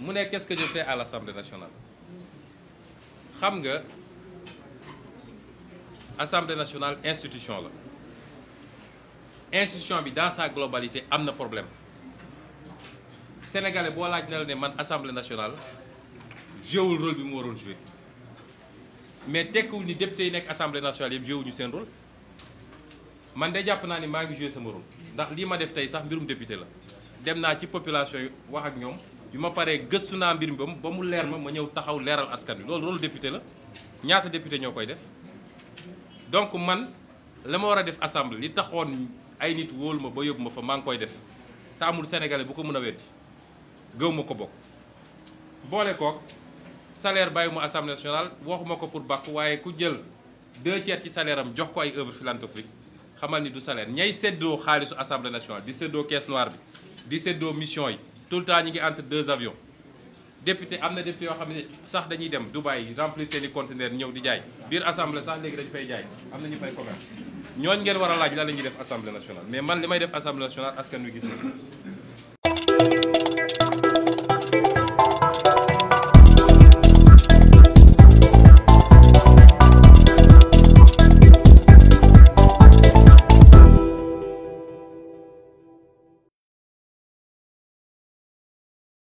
mu ne qu'est-ce que je fais à l'Assemblée nationale xam nga Assemblée nationale institution la institution bi dans sa globalité am na problème sénégale boo laaj na la ne man assemblée nationale joué rôle bi mu waroon joué mais tekkiwul ni député yi nekk assemblée nationale yëpp joué ñu seen rôle man de jàpp naa ni maa ngi joué sama rôle ndax lii ma def tey sax mbirum député la dem naa ci population yi wax ak ñoom. bi ma paree gëstu naa mbir mi ba mu leer ma ma ñëw taxaw leeral askan wi loolu rôle député la ñaata député ñoo koy def donc man la ma war a def assemblée li taxoon ay nit wóolu ma ba yóbbu ma fa maa ngi koy def te amul sénégalais bu ko mën a weddi gëw ma ko bokk boole kook salaire bàyyi mu assemblée nationale waxuma ko pour bàkk waaye ku jël deux tiers ci salaire am jox ko ay œuvre philanthropique xamal ni du salaire ñay seddoo xaalisu assemblée nationale di séddoo caisse noire bi di séddoo mission yi tout le temps ñu ngi entre deux avions député am na député yoo xam ne sax dañuy dem Dubaï remplir seen i conteneurs ñëw di jaay biir assemblée sax léegi dañu fay jaay am na ñu fay commerce ñooñu ngeen war a laaj lan la ñuy def assemblée nationale mais man li may def assemblée nationale askan wi gis na